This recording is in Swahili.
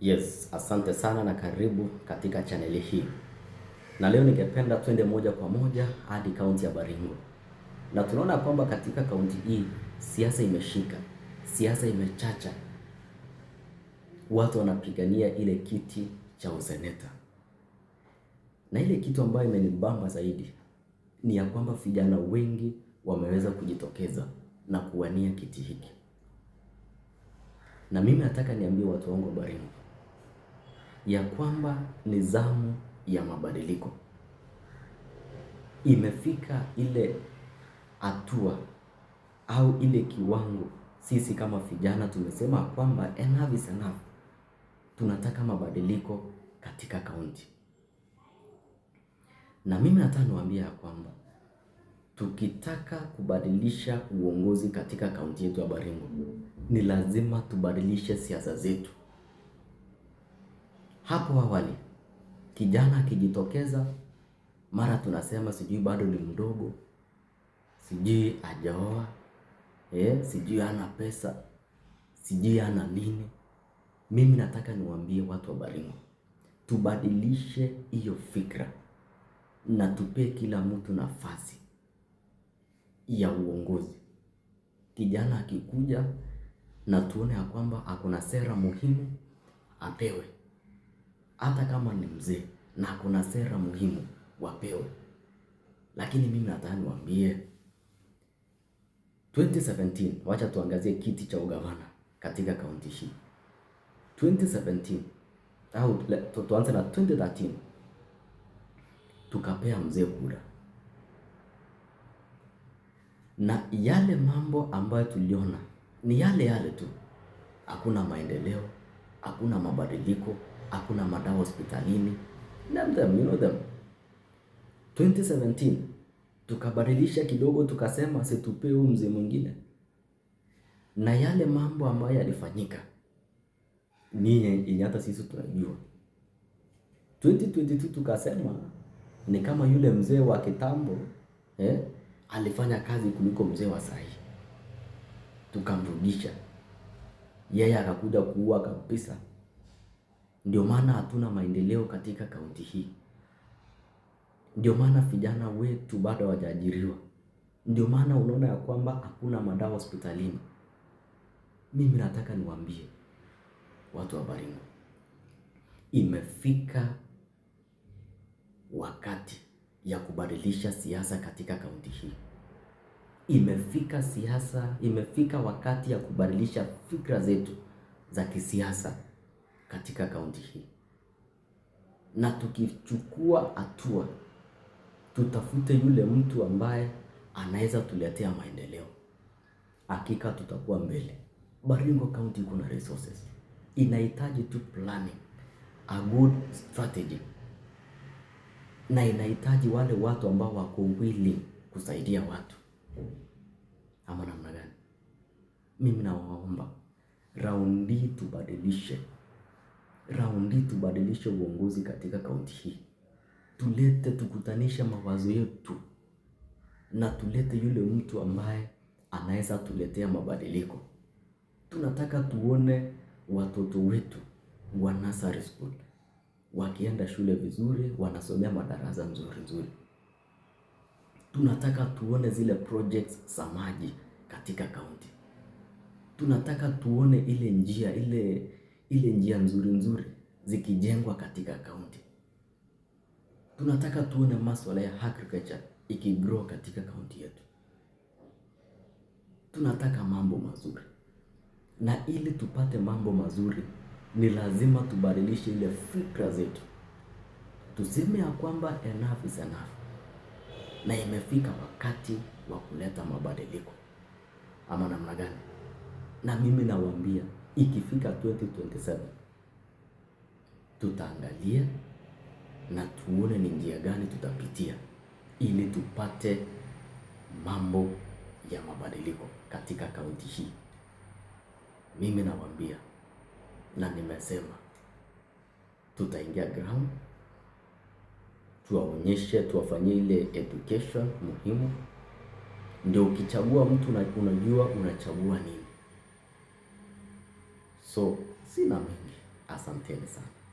Yes, asante sana na karibu katika chaneli hii. Na leo ningependa twende moja kwa moja hadi kaunti ya Baringo, na tunaona kwamba katika kaunti hii siasa imeshika, siasa imechacha, watu wanapigania ile kiti cha useneta. Na ile kitu ambayo imenibamba zaidi ni ya kwamba vijana wengi wameweza kujitokeza na kuwania kiti hiki, na mimi nataka niambie watu wangu wa Baringo ya kwamba ni zamu ya mabadiliko. Imefika ile hatua au ile kiwango, sisi kama vijana tumesema kwamba enough is enough. Tunataka mabadiliko katika kaunti, na mimi hata niwaambia ya kwamba tukitaka kubadilisha uongozi katika kaunti yetu ya Baringo, ni lazima tubadilishe siasa zetu. Hapo awali kijana akijitokeza, mara tunasema sijui bado ni mdogo, sijui ajaoa eh, sijui ana pesa, sijui ana nini. Mimi nataka niwaambie watu wa Baringo, tubadilishe hiyo fikra na tupee kila mtu nafasi ya uongozi. Kijana akikuja na tuone ya kwamba akuna sera muhimu apewe hata kama ni mzee na kuna sera muhimu wapewe. Lakini mimi nataka niwaambie 2017, wacha tuangazie kiti cha ugavana katika kaunti hii 2017 au tuanze na 2013, tukapea mzee kura na yale mambo ambayo tuliona ni yale yale tu, hakuna maendeleo, hakuna mabadiliko hakuna madawa hospitalini name them, you know them. 2017 tukabadilisha kidogo, tukasema situpee huyu mzee mwingine, na yale mambo ambayo yalifanyika ni yenye hata sisi tunajua. 2022 tukasema ni kama yule mzee wa kitambo eh, alifanya kazi kuliko mzee wa sahi, tukamrudisha yeye, akakuja kuua kabisa. Ndio maana hatuna maendeleo katika kaunti hii. Ndio maana vijana wetu bado hawajaajiriwa. Ndio maana unaona ya kwamba hakuna madawa hospitalini. Mimi nataka niwaambie watu wa Baringo, imefika wakati ya kubadilisha siasa katika kaunti hii. Imefika siasa, imefika wakati ya kubadilisha fikra zetu za kisiasa katika kaunti hii, na tukichukua hatua, tutafute yule mtu ambaye anaweza tuletea maendeleo, hakika tutakuwa mbele. Baringo County iko na resources, inahitaji tu planning, a good strategy, na inahitaji wale watu ambao wako willing kusaidia watu, ama namna gani? Mimi nawaomba raundi tubadilishe raundi tubadilishe uongozi katika kaunti hii, tulete tukutanishe mawazo yetu na tulete yule mtu ambaye anaweza tuletea mabadiliko. Tunataka tuone watoto wetu wa nursery school wakienda shule vizuri, wanasomea madarasa nzuri nzuri. Tunataka tuone zile projects za maji katika kaunti. Tunataka tuone ile njia ile ile njia nzuri nzuri zikijengwa katika kaunti. Tunataka tuone masuala ya agriculture ikigrow katika kaunti yetu. Tunataka mambo mazuri, na ili tupate mambo mazuri ni lazima tubadilishe ile fikra zetu, tuseme ya kwamba enough is enough, na imefika wakati wa kuleta mabadiliko. Ama namna gani? Na mimi nawaambia ikifika 2027 tutaangalia na tuone ni njia gani tutapitia ili tupate mambo ya mabadiliko katika kaunti hii. Mimi nawaambia na nimesema, tutaingia ground, tuwaonyeshe, tuwafanyie ile education muhimu, ndio ukichagua mtu unajua unachagua nini. So sina mengi, asanteni sana.